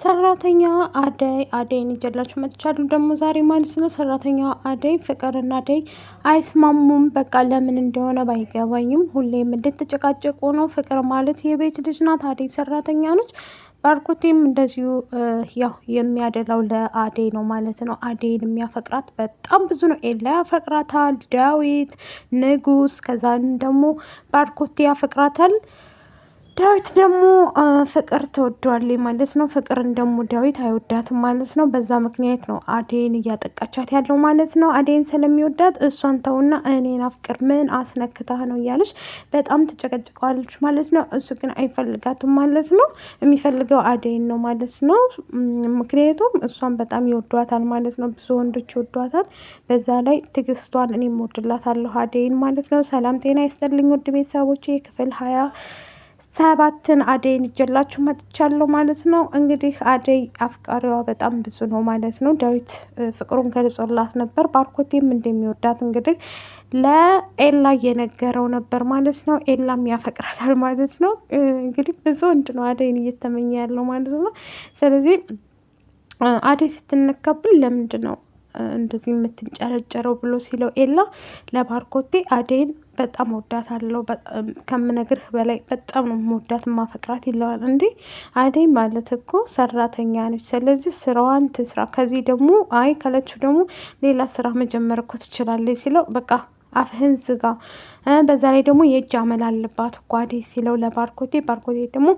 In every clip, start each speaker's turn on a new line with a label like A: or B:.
A: ሰራተኛ አደይ አደይን ይዤላችሁ መጥቻለሁ። ደግሞ ዛሬ ማለት ነው ሰራተኛ አደይ ፍቅርና አደይ አይስማሙም። በቃ ለምን እንደሆነ ባይገባኝም ሁሌም እንድትጨቃጨቁ ነው። ፍቅር ማለት የቤት ልጅ ናት፣ አደይ ሰራተኛ ነች። ባርኮቴም እንደዚሁ ያው የሚያደላው ለአደይ ነው ማለት ነው። አደይን የሚያፈቅራት በጣም ብዙ ነው። ኤላ ያፈቅራታል፣ ዳዊት ንጉስ፣ ከዛን ደግሞ ባርኮቴ ያፈቅራታል። ዳዊት ደግሞ ፍቅር ተወዷል ማለት ነው። ፍቅርን ደግሞ ዳዊት አይወዳትም ማለት ነው። በዛ ምክንያት ነው አዴን እያጠቃቻት ያለው ማለት ነው። አዴን ስለሚወዳት እሷን ተውና እኔን አፍቅር፣ ምን አስነክታህ ነው እያለች በጣም ትጨቀጭቀዋለች ማለት ነው። እሱ ግን አይፈልጋትም ማለት ነው። የሚፈልገው አዴን ነው ማለት ነው። ምክንያቱም እሷን በጣም ይወዷታል ማለት ነው። ብዙ ወንዶች ይወዷታል። በዛ ላይ ትግስቷን እኔም እወድላታለሁ አዴን ማለት ነው። ሰላም ጤና ይስጠልኝ ውድ ቤተሰቦቼ ክፍል ሀያ ሰባትን አደይን ይጀላችሁ መጥቻለሁ ማለት ነው። እንግዲህ አደይ አፍቃሪዋ በጣም ብዙ ነው ማለት ነው። ዳዊት ፍቅሩን ገልጾላት ነበር። ባርኮቴም እንደሚወዳት እንግዲህ ለኤላ እየነገረው ነበር ማለት ነው። ኤላም ያፈቅራታል ማለት ነው። እንግዲህ ብዙ ወንድ ነው አደይን እየተመኘ ያለው ማለት ነው። ስለዚህ አደይ ስትነካብል ለምንድን ነው እንደዚህ የምትንጨረጨረው ብሎ ሲለው ኤላ ለባርኮቴ አደይን በጣም ወዳት አለው ከምነግርህ በላይ በጣም ነው መወዳት ማፈቅራት ይለዋል። እንዴ አደይ ማለት እኮ ሰራተኛ ነች። ስለዚህ ስራዋን ትስራ። ከዚህ ደግሞ አይ ካለችው ደግሞ ሌላ ስራ መጀመር እኮ ትችላለች ሲለው በቃ አፍህን ዝጋ። በዛ ላይ ደግሞ የእጅ አመል አለባት ጓዴ ሲለው ለባርኮቴ፣ ባርኮቴ ደግሞ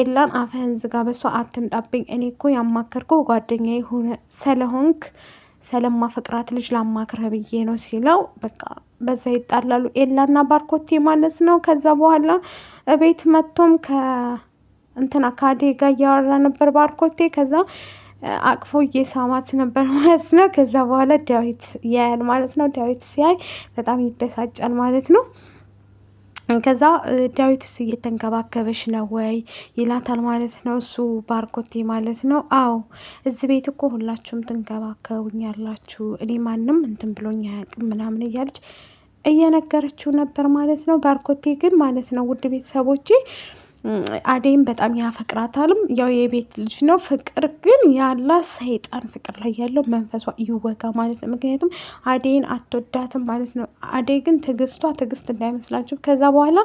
A: ኤላን አፍህን ዝጋ፣ በሷ አትምጣብኝ። እኔ እኮ ያማከርኩ ጓደኛ የሆነ ስለሆንክ ስለማፈቅራት ልጅ ላማክረህ ብዬ ነው ሲለው በቃ በዛ ይጣላሉ ኤላና ባርኮቴ ማለት ነው። ከዛ በኋላ እቤት መጥቶም ከእንትና ካዴ ጋር እያወራ ነበር ባርኮቴ ከዛ አቅፎ እየሳማት ነበር ማለት ነው። ከዛ በኋላ ዳዊት ያያል ማለት ነው። ዳዊት ሲያይ በጣም ይበሳጫል ማለት ነው። ከዛ ዳዊትስ እየተንከባከበሽ ነው ወይ ይላታል ማለት ነው። እሱ ባርኮቴ ማለት ነው። አዎ እዚህ ቤት እኮ ሁላችሁም ትንከባከቡኛላችሁ፣ እኔ ማንም እንትን ብሎኝ አያውቅም ምናምን እያለች እየነገረችው ነበር ማለት ነው። ባርኮቴ ግን ማለት ነው ውድ ቤተሰቦቼ አደይም በጣም ያፈቅራታልም። ያው የቤት ልጅ ነው። ፍቅር ግን ያላ ሰይጣን ፍቅር ላይ ያለው መንፈሷ ይወጋ ማለት ነው። ምክንያቱም አዴን አትወዳትም ማለት ነው። አደይ ግን ትዕግስቷ ትዕግስት እንዳይመስላችሁ። ከዛ በኋላ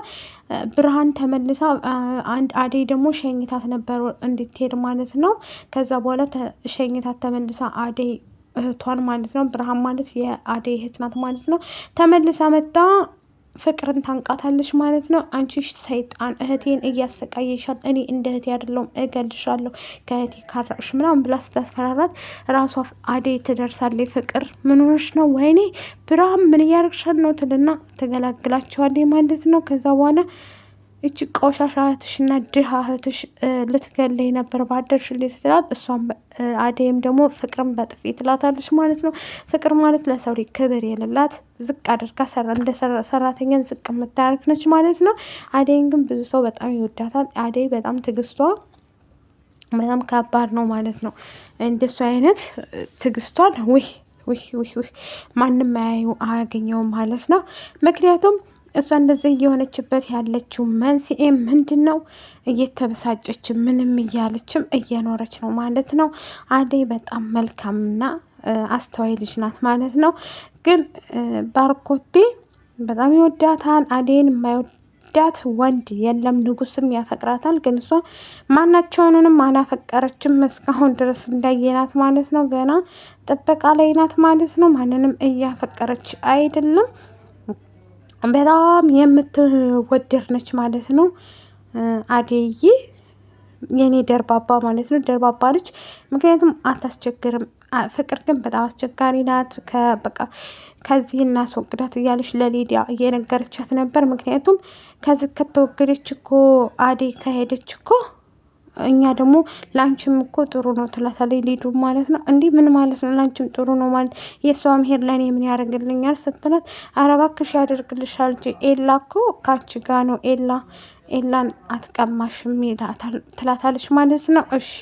A: ብርሃን ተመልሳ አንድ አደይ ደግሞ ሸኝታት ነበር እንድትሄድ ማለት ነው። ከዛ በኋላ ሸኝታት ተመልሳ አዴ እህቷን ማለት ነው ብርሃን ማለት የአዴ እህት ናት ማለት ነው። ተመልሳ መጣ ፍቅርን ታንቃታለች ማለት ነው። አንቺ ሰይጣን እህቴን እያሰቃየሻል፣ እኔ እንደ እህቴ አይደለሁም እገልሻለሁ፣ ከእህቴ ካራቅሽ ምናምን ብላ ስታስፈራራት ራሷ አደይ ትደርሳለች። ፍቅር ምን ሆነሽ ነው? ወይኔ ብርሃም ምን እያረግሻል ነው ትልና ተገላግላቸዋለች ማለት ነው። ከዛ በኋላ እቺ ቆሻሻ እህትሽ እህትሽና ድሃ እህትሽ ልትገለይ ነበር ባደርሽልኝ ስትላት፣ እሷም አደይም ደግሞ ፍቅርን በጥፊ ትላታለች ማለት ነው። ፍቅር ማለት ለሰው ልጅ ክብር የሌላት ዝቅ አድርጋ እንደ ሰራተኛን ዝቅ የምታደርግ ነች ማለት ነው። አደይን ግን ብዙ ሰው በጣም ይወዳታል። አደይ በጣም ትግስቷ በጣም ከባድ ነው ማለት ነው። እንደሱ አይነት ትዕግስቷን ውህ ውህ ውህ ውህ ማንም አያገኘውም ማለት ነው ምክንያቱም እሷ እንደዚህ እየሆነችበት ያለችው መንስኤ ምንድን ነው? እየተበሳጨች ምንም እያለችም እየኖረች ነው ማለት ነው። አደይ በጣም መልካምና አስተዋይ ልጅ ናት ማለት ነው። ግን ባርኮቴ በጣም ይወዳታል። አደይን የማይወዳት ወንድ የለም። ንጉስም ያፈቅራታል። ግን እሷ ማናቸውንም አላፈቀረችም እስካሁን ድረስ እንዳየናት ማለት ነው። ገና ጥበቃ ላይ ናት ማለት ነው። ማንንም እያፈቀረች አይደለም። በጣም የምትወደር ነች ማለት ነው። አደዬ የኔ ደርባባ ማለት ነው። ደርባባ ነች፣ ምክንያቱም አታስቸግርም። ፍቅር ግን በጣም አስቸጋሪ ናት። በቃ ከዚህ እናስወግዳት እያለች ለሊዲያ እየነገረቻት ነበር። ምክንያቱም ከዚህ ከተወገደች እኮ አዴ ከሄደች እኮ እኛ ደግሞ ላንችም እኮ ጥሩ ነው ትላታለች ሊዱ ማለት ነው። እንዲህ ምን ማለት ነው ላንችም ጥሩ ነው ማለት የእሷ መሄድ ለእኔ ምን ያደርግልኛል ስትላት፣ ኧረ እባክሽ ያደርግልሻል እንጂ ኤላ እኮ ካች ጋ ነው ኤላ ኤላን አትቀማሽም ትላታለች ማለት ነው። እሺ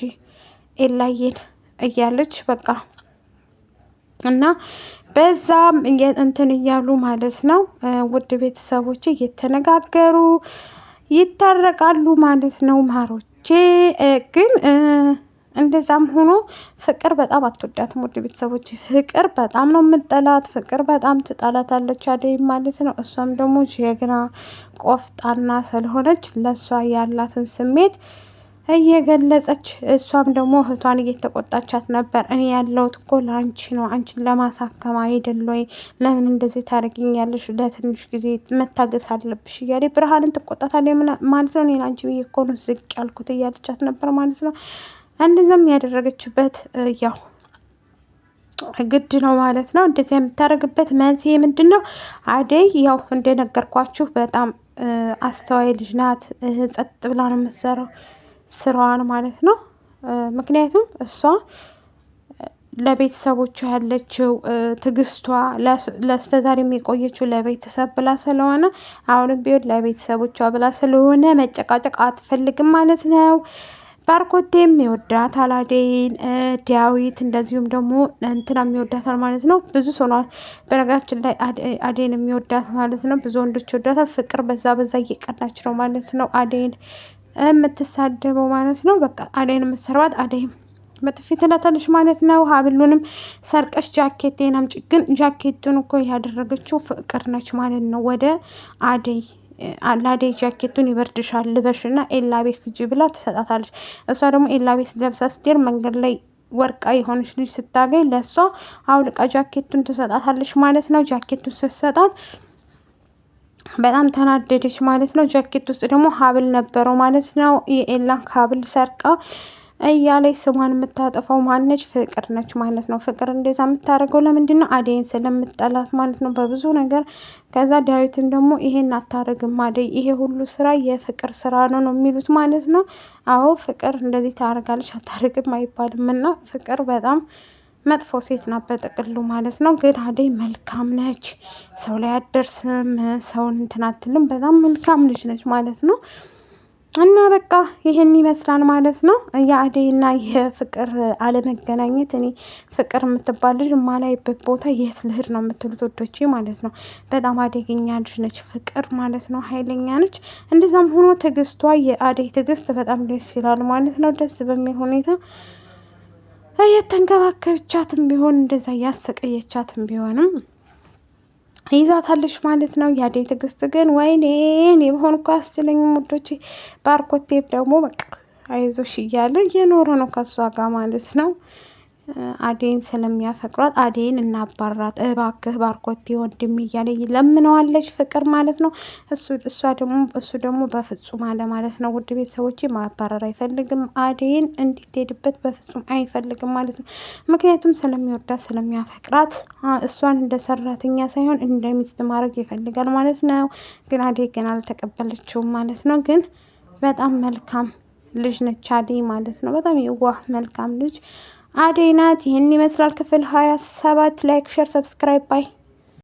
A: ኤላዬን እያለች በቃ እና በዛም እንትን እያሉ ማለት ነው ውድ ቤተሰቦች እየተነጋገሩ ይታረቃሉ ማለት ነው። ማሮቼ ግን እንደዛም ሆኖ ፍቅር በጣም አትወዳትም። ውድ ቤተሰቦች ፍቅር በጣም ነው የምጠላት። ፍቅር በጣም ትጠላታለች አደይ ማለት ነው። እሷም ደግሞ ጀግና ቆፍጣና ስለሆነች ለእሷ ያላትን ስሜት እየገለጸች እሷም ደግሞ እህቷን እየተቆጣቻት ነበር። እኔ ያለሁት እኮ ለአንቺ ነው፣ አንቺን ለማሳከም አይደል ወይ? ለምን እንደዚህ ታደርጊኛለሽ? ለትንሽ ጊዜ መታገስ አለብሽ እያለ ብርሃንን ትቆጣታለች ማለት ነው። እኔ ለአንቺ ብዬ እኮ ነው ዝቅ ያልኩት እያለቻት ነበር ማለት ነው። እንደዚያም ያደረገችበት ያው ግድ ነው ማለት ነው። እንደዚህ የምታደርግበት መንስኤ ምንድን ነው? አደይ ያው እንደነገርኳችሁ በጣም አስተዋይ ልጅ ናት። ጸጥ ብላ ነው የምትሰራው። ስራዋን ማለት ነው። ምክንያቱም እሷ ለቤተሰቦቿ ያለችው ትግስቷ ለስተዛሬም የሚቆየችው ለቤተሰብ ብላ ስለሆነ አሁንም ቢሆን ለቤተሰቦቿ ብላ ስለሆነ መጨቃጨቅ አትፈልግም ማለት ነው። ባርኮቴም ይወዳታል አደይን፣ ዲያዊት እንደዚሁም ደግሞ እንትናም ይወዳታል ማለት ነው። ብዙ ሰው በነገራችን ላይ አደይን የሚወዳት ማለት ነው። ብዙ ወንዶች ይወዳታል። ፍቅር በዛ በዛ እየቀናች ነው ማለት ነው አደይን የምትሳደበው ማለት ነው። በቃ አደይን የምትሰርባት አደይም በጥፊትና ትንሽ ማለት ነው። ሀብሉንም ሰርቀሽ ጃኬቴን አምጪ። ግን ጃኬቱን እኮ ያደረገችው ፍቅር ነች ማለት ነው። ወደ አደይ ለአደይ ጃኬቱን ይበርድሻል ልበሽና ኤላ ቤት ሂጂ ብላ ትሰጣታለች። እሷ ደግሞ ኤላ ቤት ለብሳ ስትሄድ መንገድ ላይ ወርቃ የሆነች ልጅ ስታገኝ ለእሷ አውልቃ ጃኬቱን ትሰጣታለች ማለት ነው። ጃኬቱን ስትሰጣት በጣም ተናደደች ማለት ነው። ጃኬት ውስጥ ደግሞ ሀብል ነበረው ማለት ነው። የኤላን ሀብል ሰርቃ እያለች ስሟን የምታጠፋው ማነች? ፍቅር ነች ማለት ነው። ፍቅር እንደዛ የምታደርገው ለምንድን ነው? አደይን ስለምጠላት ማለት ነው በብዙ ነገር። ከዛ ዳዊትም ደግሞ ይሄን አታደርግም አደይ፣ ይሄ ሁሉ ስራ የፍቅር ስራ ነው ነው የሚሉት ማለት ነው። አዎ ፍቅር እንደዚህ ታደርጋለች አታደርግም አይባልም። እና ፍቅር በጣም መጥፎ ሴት ናት በጥቅሉ ማለት ነው። ግን አደይ መልካም ነች፣ ሰው ላይ አደርስም፣ ሰውን እንትን አትልም። በጣም መልካም ልጅ ነች ማለት ነው። እና በቃ ይህን ይመስላል ማለት ነው። የአደይና የፍቅር አለመገናኘት እኔ ፍቅር የምትባል ልጅ ማላይበት ቦታ የት ልሂድ ነው የምትሉት ወዶች ማለት ነው። በጣም አደገኛ ልጅ ነች ፍቅር ማለት ነው። ኃይለኛ ነች። እንደዛም ሆኖ ትዕግስቷ፣ የአደይ ትዕግስት በጣም ደስ ይላል ማለት ነው። ደስ በሚል ሁኔታ እየተንከባከብቻትም ቢሆን እንደዛ እያሰቀየቻትም ቢሆንም ይዛታለች ማለት ነው። ያደይ ትዕግስት ግን ወይኔን እኔ በሆን እኮ አስችለኝም ውዶች። ባርኮቴም ደግሞ በቃ አይዞሽ እያለ እየኖረ ነው ከሷ ጋር ማለት ነው። አዴን ስለሚያፈቅሯት አዴን እናባራት እባክህ ባርኮቴ ወንድም እያለ ለምነዋለች ፍቅር ማለት ነው። እሷ ደግሞ እሱ ደግሞ በፍጹም አለ ማለት ነው። ውድ ቤተሰቦች ማባረር አይፈልግም አዴን እንድትሄድበት በፍጹም አይፈልግም ማለት ነው። ምክንያቱም ስለሚወዳት ስለሚያፈቅራት እሷን እንደ ሰራተኛ ሳይሆን እንደ ሚስት ማድረግ ይፈልጋል ማለት ነው። ግን አዴ ግን አልተቀበለችውም ማለት ነው። ግን በጣም መልካም ልጅ ነች አዴ ማለት ነው። በጣም የዋህ መልካም ልጅ አደይ ናት። ይህን ይመስላል ክፍል 27። ላይክ፣ ሸር፣ ሰብስክራይብ ባይ